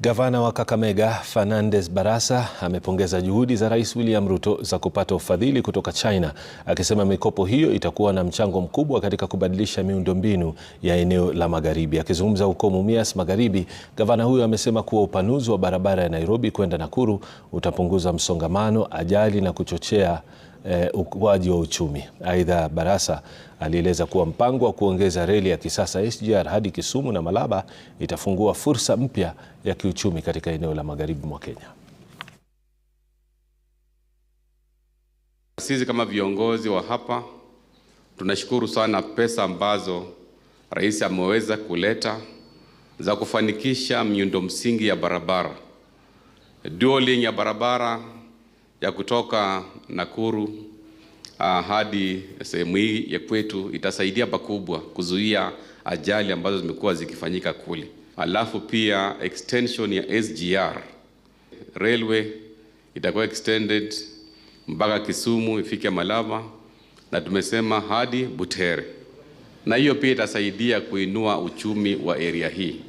Gavana wa Kakamega Fernandes Barasa amepongeza juhudi za Rais William Ruto za kupata ufadhili kutoka China, akisema mikopo hiyo itakuwa na mchango mkubwa katika kubadilisha miundombinu ya eneo la magharibi. Akizungumza huko Mumias Magharibi, gavana huyo amesema kuwa upanuzi wa barabara ya Nairobi kwenda Nakuru utapunguza msongamano, ajali na kuchochea eh, ukuaji wa uchumi. Aidha, Barasa alieleza kuwa mpango wa kuongeza reli ya kisasa SGR hadi Kisumu na Malaba itafungua fursa mpya ya kiuchumi katika eneo la magharibi mwa Kenya. Sisi kama viongozi wa hapa tunashukuru sana pesa ambazo rais ameweza kuleta za kufanikisha miundo msingi ya barabara, dual ya barabara ya kutoka Nakuru uh, hadi sehemu hii ya kwetu itasaidia pakubwa kuzuia ajali ambazo zimekuwa zikifanyika kule. Alafu pia extension ya SGR railway itakuwa extended mpaka Kisumu ifike Malava na tumesema hadi Butere, na hiyo pia itasaidia kuinua uchumi wa area hii.